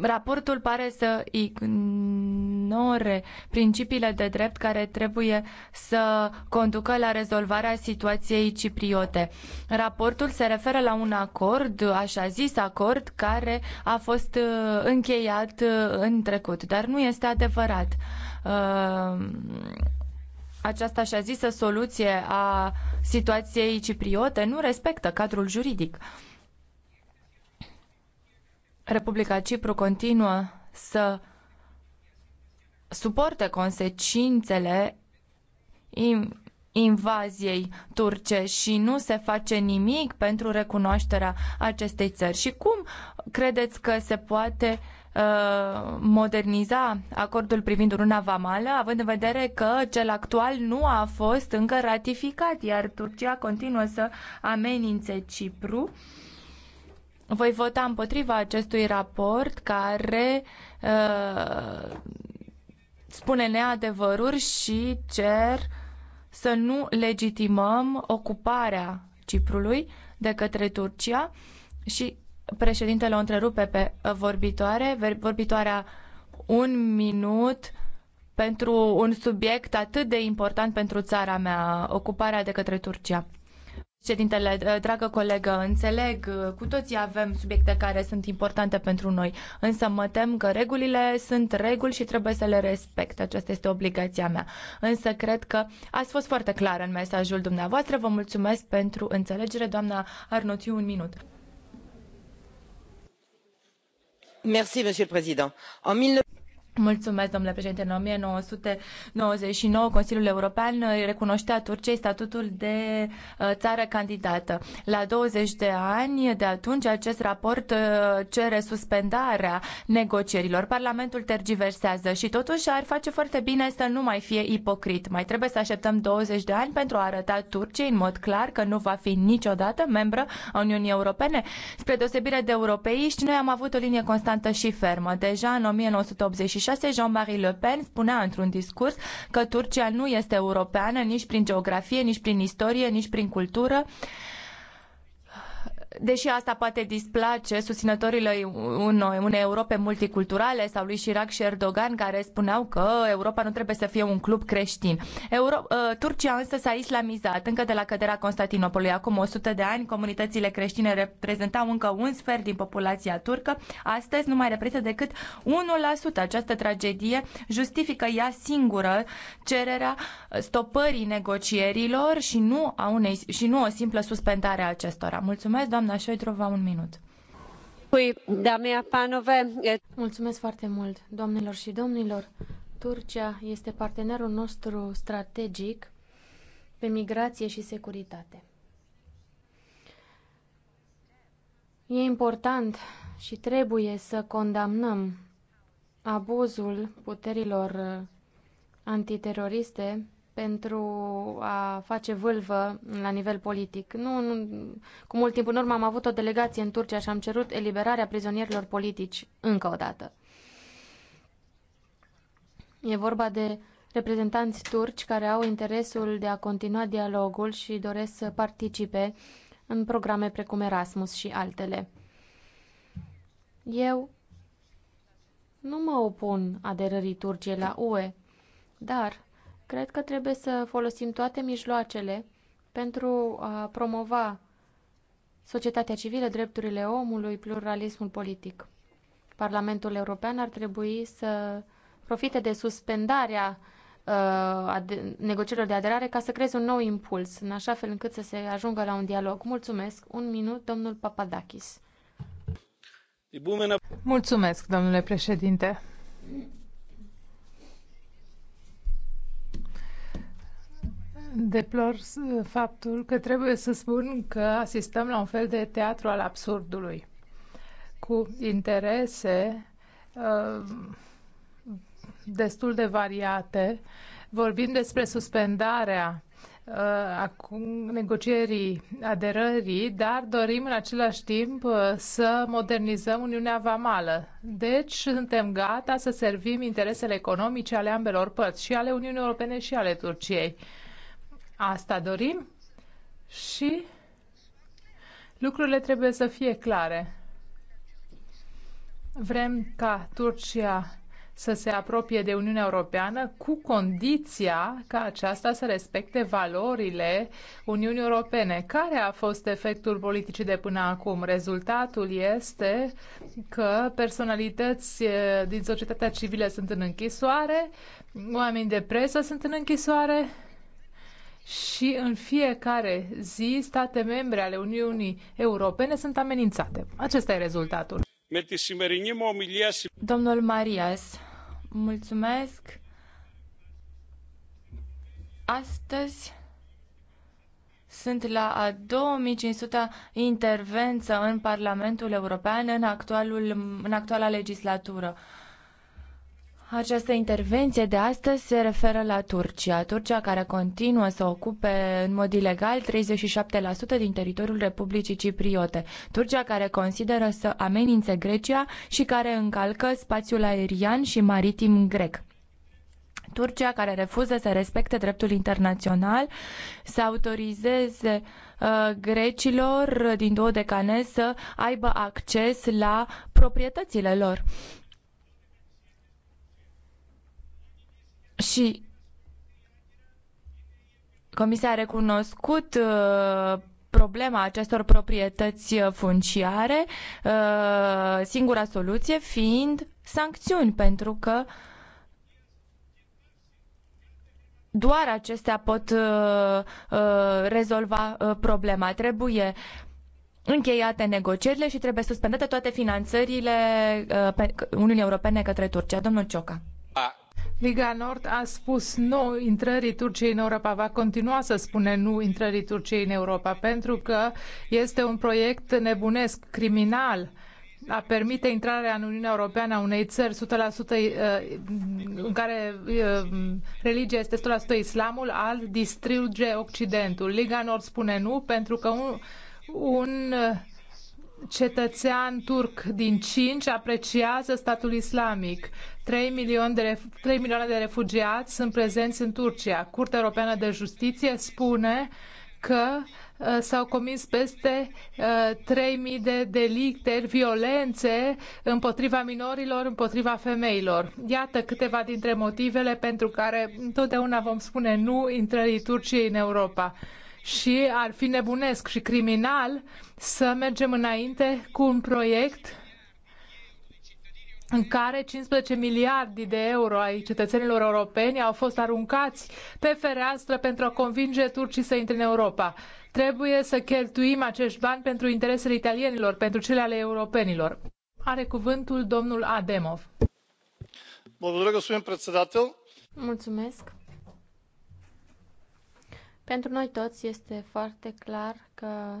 Raportul pare să ignore principiile de drept care trebuie să conducă la rezolvarea situației cipriote. Raportul se referă la un acord, așa zis acord, care a fost uh, încheiat uh, în trecut, dar nu este adevărat. Uh, această așa zisă soluție a situației cipriote nu respectă cadrul juridic. Republica Cipru continuă să suporte consecințele invaziei turce și nu se face nimic pentru recunoașterea acestei țări. Și cum credeți că se poate uh, moderniza acordul privind Uruna Vamală, având în vedere că cel actual nu a fost încă ratificat, iar Turcia continuă să amenințe Cipru uh, voi vota împotriva acestui raport care uh, spune neadevăruri și cer să nu legitimăm ocuparea Ciprului de către Turcia și președintele o întrerupe pe vorbitoare, vorbitoarea un minut pentru un subiect atât de important pentru țara mea, ocuparea de către Turcia. Ședintele, ă, dragă colegă, înțeleg, ă, cu toții avem subiecte care sunt importante pentru noi, însă mă tem că regulile sunt reguli și trebuie să le respect. Aceasta este obligația mea. Însă cred că ați fost foarte clar în mesajul dumneavoastră. Vă mulțumesc pentru înțelegere. Doamna Arnotiu, un minut. Merci, monsieur le président. En 19... Mulțumesc, domnule președinte. În 1999, Consiliul European recunoștea Turciei statutul de uh, țară candidată. La 20 de ani de atunci, acest raport uh, cere suspendarea negocierilor. Parlamentul tergiversează și totuși ar face foarte bine să nu mai fie ipocrit. Mai trebuie să așteptăm 20 de ani pentru a arăta Turciei în mod clar că nu va fi niciodată membră a Uniunii Europene. Spre deosebire de europeiști, noi am avut o linie constantă și fermă. Deja în 1986 2006, Jean-Marie Le Pen spunea într-un discurs că Turcia nu este europeană nici prin geografie, nici prin istorie, nici prin cultură deși asta poate displace susținătorilor unei, unei Europe multiculturale sau lui Chirac și Erdogan care spuneau că Europa nu trebuie să fie un club creștin. Euro- uh, Turcia însă s-a islamizat încă de la căderea Constantinopolului. Acum 100 de ani comunitățile creștine reprezentau încă un sfert din populația turcă. Astăzi nu mai reprezintă decât 1%. Această tragedie justifică ea singură cererea stopării negocierilor și nu, a unei, și nu o simplă suspendare a acestora. Mulțumesc, doamnă Doamna Șoidrova, un minut. Păi, Mulțumesc foarte mult, doamnelor și domnilor. Turcia este partenerul nostru strategic pe migrație și securitate. E important și trebuie să condamnăm abuzul puterilor antiteroriste pentru a face vâlvă la nivel politic. Nu, nu, cu mult timp în urmă am avut o delegație în Turcia și am cerut eliberarea prizonierilor politici încă o dată. E vorba de reprezentanți turci care au interesul de a continua dialogul și doresc să participe în programe precum Erasmus și altele. Eu nu mă opun aderării Turciei la UE, dar Cred că trebuie să folosim toate mijloacele pentru a promova societatea civilă, drepturile omului, pluralismul politic. Parlamentul European ar trebui să profite de suspendarea uh, negocierilor de aderare ca să creeze un nou impuls, în așa fel încât să se ajungă la un dialog. Mulțumesc. Un minut, domnul Papadakis. Mulțumesc, domnule președinte. Deplor uh, faptul că trebuie să spun că asistăm la un fel de teatru al absurdului, cu interese uh, destul de variate. vorbind despre suspendarea uh, acum negocierii aderării, dar dorim în același timp uh, să modernizăm Uniunea Vamală. Deci suntem gata să servim interesele economice ale ambelor părți, și ale Uniunii Europene și ale Turciei. Uh, Asta dorim și lucrurile trebuie să fie clare. Vrem ca Turcia să se apropie de Uniunea Europeană cu condiția ca aceasta să respecte valorile Uniunii Europene. Care a fost efectul politicii de până acum? Rezultatul este că personalități eh, din societatea civilă sunt în închisoare, oameni de presă sunt în închisoare, și în fiecare zi state membre ale Uniunii Europene sunt amenințate. Acesta e rezultatul. Domnul Marias, mulțumesc. Astăzi sunt la a 2500-a intervență în Parlamentul European în, actualul, în actuala legislatură. Această intervenție de astăzi se referă la Turcia. Turcia care continuă să ocupe în mod ilegal 37% din teritoriul Republicii Cipriote. Turcia care consideră să amenințe Grecia și care încalcă spațiul aerian și maritim grec. Turcia care refuză să respecte dreptul internațional, să autorizeze uh, grecilor din două decane să aibă acces la proprietățile lor. Uh, Și Comisia a recunoscut uh, problema acestor proprietăți uh, funciare, uh, singura soluție fiind sancțiuni, pentru că doar acestea pot rezolva problema. Trebuie încheiate negocierile și trebuie suspendate toate finanțările Uniunii Europene către Turcia. Domnul Cioca. Liga Nord a spus nu intrării Turciei în Europa, va continua să spune nu intrării Turciei în Europa, pentru că este un proiect nebunesc, criminal a permite intrarea în Uniunea Europeană a unei țări 100% uh, în care uh, religia este 100% islamul, al distruge Occidentul. Liga Nord spune nu pentru că un, un cetățean turc din 5 apreciază statul islamic. 3 milioane, de, 3 milioane de refugiați sunt prezenți în Turcia. Curtea Europeană de Justiție spune că uh, s-au comis peste uh, 3.000 de delicte, violențe împotriva minorilor, împotriva femeilor. Iată câteva dintre motivele pentru care întotdeauna vom spune nu intrării Turciei în Europa și ar fi nebunesc și criminal să mergem înainte cu un proiect în care 15 miliarde de euro ai cetățenilor europeni au fost aruncați pe fereastră pentru a convinge turcii să intre în Europa. Trebuie să cheltuim acești bani pentru interesele italienilor, pentru cele ale europenilor. Are cuvântul domnul Ademov. Mulțumesc. Pentru noi toți este foarte clar că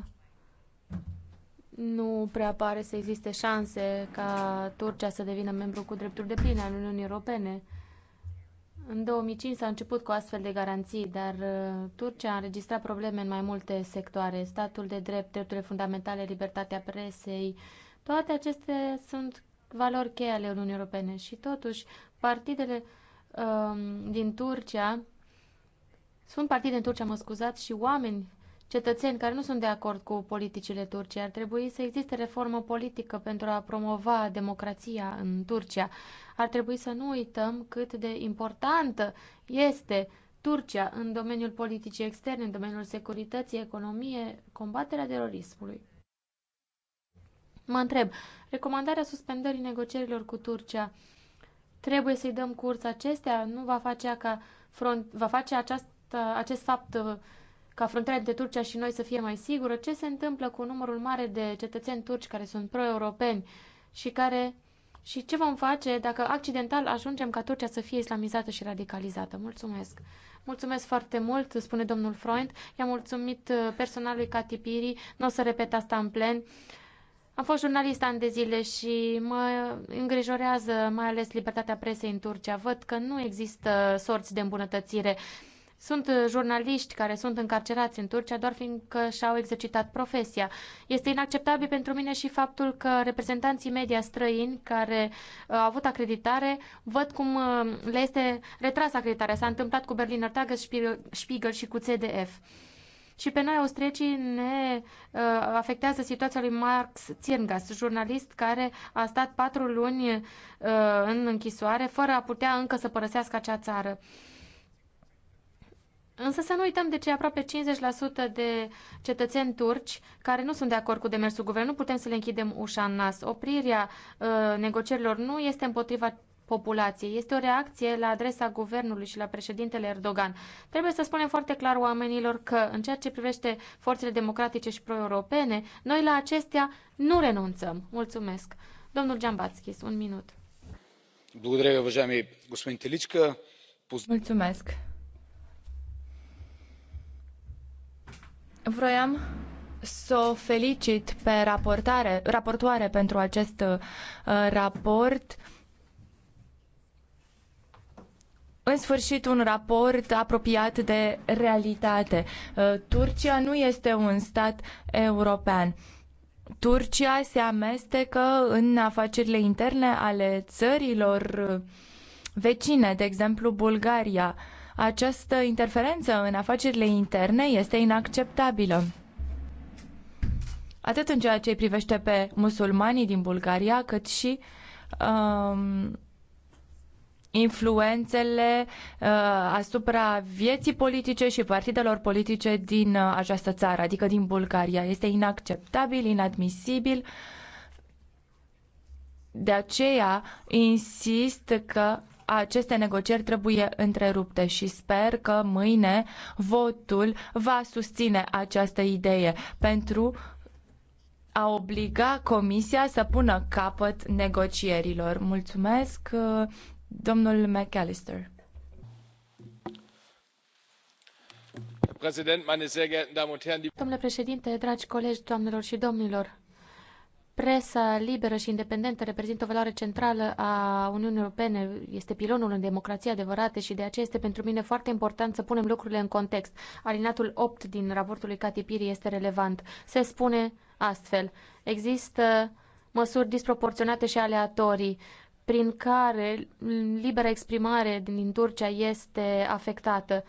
nu prea pare să existe șanse ca Turcia să devină membru cu drepturi de pline al Uniunii Europene. În 2005 s-a început cu astfel de garanții, dar uh, Turcia a înregistrat probleme în mai multe sectoare. Statul de drept, drepturile fundamentale, libertatea presei, toate acestea sunt valori cheie ale Uniunii Europene și totuși partidele um, din Turcia sunt partide în Turcia, mă scuzați, și oameni, cetățeni care nu sunt de acord cu politicile Turciei. Ar trebui să existe reformă politică pentru a promova democrația în Turcia. Ar trebui să nu uităm cât de importantă este Turcia în domeniul politicii externe, în domeniul securității, economie, combaterea terorismului. Mă întreb, recomandarea suspendării negocierilor cu Turcia trebuie să-i dăm curs acestea? Nu va face, ca front, va face această această, uh, acest fapt uh, ca frontiera dintre Turcia și noi să fie mai sigură? Ce se întâmplă cu numărul mare de cetățeni turci care sunt pro-europeni și care și ce vom face dacă accidental ajungem ca Turcia să fie islamizată și radicalizată? Mulțumesc! Mulțumesc foarte mult, spune domnul Freund. I-am mulțumit uh, personalului Catipiri. Nu o să repet asta în plen. Am fost jurnalist ani de zile și mă îngrijorează mai ales libertatea presei în Turcia. Văd că nu există sorți de îmbunătățire. Sunt uh, jurnaliști care sunt încarcerați în Turcia doar fiindcă și-au exercitat profesia. Este inacceptabil pentru mine și faptul că reprezentanții media străini care uh, au avut acreditare văd cum uh, le este retrasă acreditarea. S-a întâmplat cu Berliner Tages, Spiegel și cu CDF. Și pe noi, austriecii, ne uh, afectează situația lui Marx Țirngas, jurnalist care a stat patru luni uh, în închisoare fără a putea încă să părăsească acea țară. Uh, Însă să nu uităm de cei aproape 50% de cetățeni turci care nu sunt de acord cu demersul guvernului. Nu putem să le închidem ușa în nas. Oprirea uh, negocierilor nu este împotriva populației. Este o reacție la adresa guvernului și la președintele Erdogan. Trebuie să spunem foarte clar oamenilor că, în ceea ce privește forțele democratice și pro-europene, noi la acestea nu renunțăm. Mulțumesc. Domnul Giambatskis, un minut. Mulțumesc. Vroiam să o felicit pe raportare, raportoare pentru acest uh, raport. În sfârșit, un raport apropiat de realitate. Uh, Turcia nu este un stat european. Turcia se amestecă în afacerile interne ale țărilor uh, vecine, de exemplu Bulgaria. Uh, această interferență în afacerile interne este inacceptabilă. Atât în ceea ce îi privește pe musulmanii din Bulgaria, cât și um, influențele uh, asupra vieții politice și partidelor politice din uh, această țară, adică din Bulgaria. Este inacceptabil, inadmisibil. De aceea insist că aceste negocieri trebuie întrerupte și sper că mâine votul va susține această idee pentru a obliga Comisia să pună capăt negocierilor. Mulțumesc, domnul McAllister. Domnule președinte, dragi colegi, doamnelor și domnilor, Presa liberă și independentă reprezintă o valoare centrală a Uniunii Europene, este pilonul în democrație adevărate și de aceea este pentru mine foarte important să punem lucrurile în context. Alinatul 8 din raportul lui Cati Piri este relevant. Se spune astfel, există măsuri disproporționate și aleatorii prin care libera exprimare din Turcia este afectată.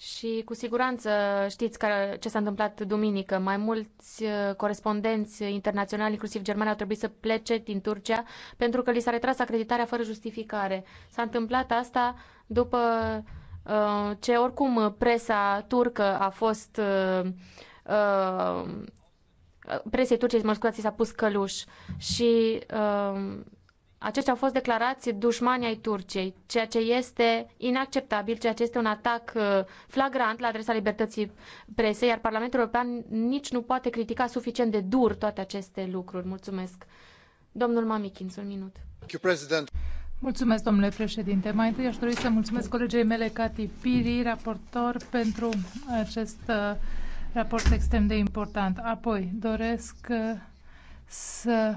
Și cu siguranță știți ce s-a întâmplat duminică. Mai mulți uh, corespondenți internaționali, inclusiv germani, au trebuit să plece din Turcia pentru că li s-a retras acreditarea fără justificare. S-a întâmplat asta după uh, ce oricum presa turcă a fost uh, uh, presei turcești, mă scuzați, s-a pus căluș și uh, aceștia au fost declarați dușmani ai Turciei, ceea ce este inacceptabil, ceea ce este un atac uh, flagrant la adresa libertății presei, iar Parlamentul European nici nu poate critica suficient de dur toate aceste lucruri. Mulțumesc. Domnul Mamikins, un minut. Mulțumesc, domnule președinte. Mai întâi aș dori să mulțumesc colegei mele, Cati Piri, raportor, pentru acest uh, raport extrem de important. Apoi, doresc uh, să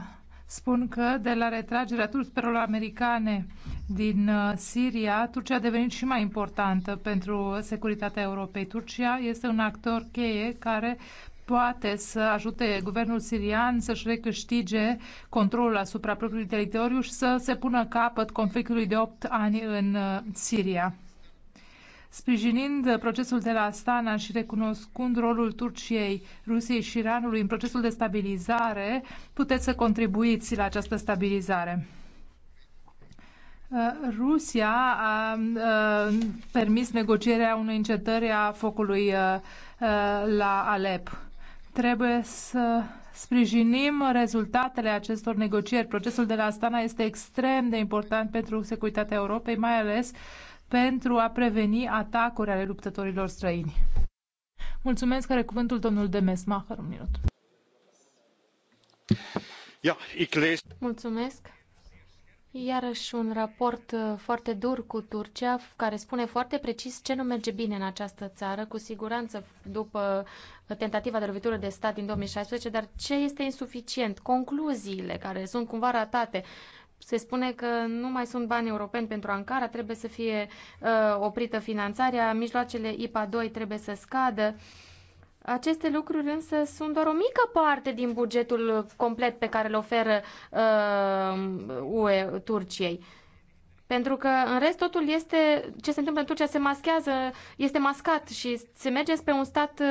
spun că de la retragerea trupelor americane din uh, Siria, Turcia a devenit și mai importantă pentru securitatea Europei. Turcia este un actor cheie care poate să ajute guvernul sirian să-și recâștige controlul asupra propriului teritoriu și să se pună capăt conflictului de 8 ani în uh, Siria sprijinind procesul de la Astana și recunoscând rolul Turciei, Rusiei și Iranului în procesul de stabilizare, puteți să contribuiți la această stabilizare. Uh, Rusia a uh, permis negocierea unei încetări a focului uh, la Alep. Trebuie să sprijinim rezultatele acestor negocieri. Procesul de la Astana este extrem de important pentru securitatea Europei, mai ales uh, pentru a preveni atacuri ale luptătorilor străini. Mulțumesc, are cuvântul domnul Demesmacher, un minut. Mulțumesc. Iarăși un raport uh, foarte dur cu Turcia, care spune foarte precis ce nu merge bine în această țară, cu siguranță după tentativa de lovitură de stat din 2016, dar ce este insuficient, concluziile care sunt cumva ratate, se spune că nu mai sunt bani europeni pentru Ankara, trebuie să fie uh, oprită finanțarea, mijloacele IPA 2 trebuie să scadă. Aceste lucruri însă sunt doar o mică parte din bugetul complet pe care îl oferă uh, UE Turciei. Uh, pentru că, în rest, totul este, ce se întâmplă în Turcia se maschează, este mascat și se merge spre un stat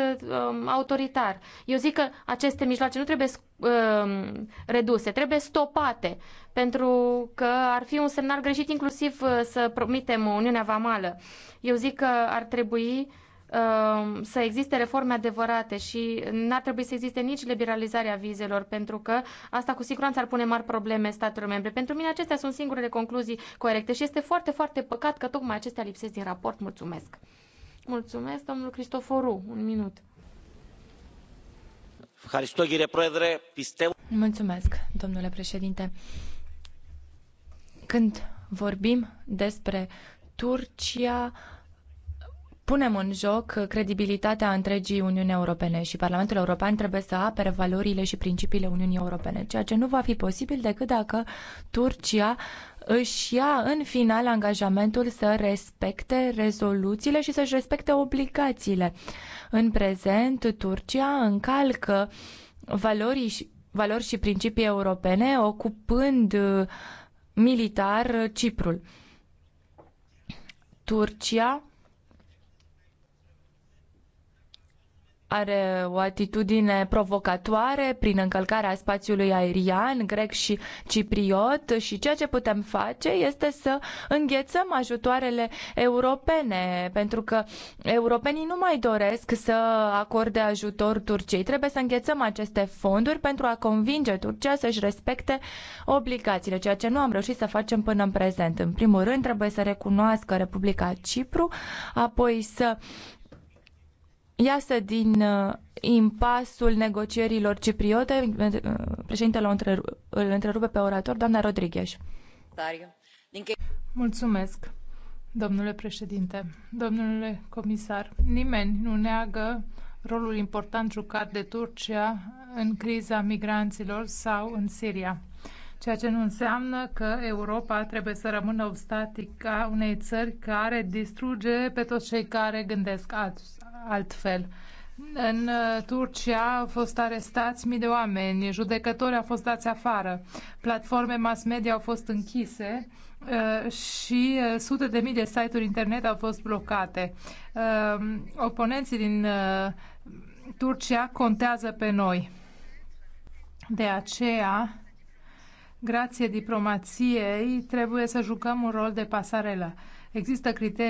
um, autoritar. Eu zic că aceste mijloace nu trebuie um, reduse, trebuie stopate, pentru că ar fi un semnal greșit inclusiv uh, să promitem Uniunea Vamală. Eu zic că ar trebui Um, să existe reforme adevărate și n-ar trebui să existe nici liberalizarea vizelor, pentru că asta cu siguranță ar pune mari probleme statelor membre. Pentru mine acestea sunt singurele concluzii corecte și este foarte, foarte păcat că tocmai acestea lipsesc din raport. Mulțumesc! Mulțumesc, domnul Cristoforu. Un minut. Mulțumesc, domnule președinte. Când vorbim despre Turcia, punem în joc credibilitatea întregii Uniuni Europene și Parlamentul European trebuie să apere valorile și principiile Uniunii Europene, ceea ce nu va fi posibil decât dacă Turcia își ia în final angajamentul să respecte rezoluțiile și să-și respecte obligațiile. În prezent, Turcia încalcă valori, valori și principii europene, ocupând uh, militar uh, Ciprul. Turcia are o atitudine provocatoare prin încălcarea spațiului aerian grec și cipriot și ceea ce putem face este să înghețăm ajutoarele europene, pentru că europenii nu mai doresc să acorde ajutor Turciei. Trebuie să înghețăm aceste fonduri pentru a convinge Turcia să-și respecte obligațiile, ceea ce nu am reușit să facem până în prezent. În primul rând, trebuie să recunoască Republica Cipru, apoi să iasă din uh, impasul negocierilor cipriote. Președintele îl întrerupe pe orator, doamna Rodriguez. Mulțumesc, domnule președinte, domnule comisar. Nimeni nu neagă rolul important jucat de Turcia în criza migranților sau în Siria ceea ce nu înseamnă că Europa trebuie să rămână obstatica unei țări care distruge pe toți cei care gândesc altfel. În uh, Turcia au fost arestați mii de oameni, judecători au fost dați afară, platforme mass media au fost închise uh, și uh, sute de mii de site-uri internet au fost blocate. Oponenții din Turcia contează pe noi. De aceea, grație diplomației, trebuie să jucăm un rol de pasarelă. Există criterii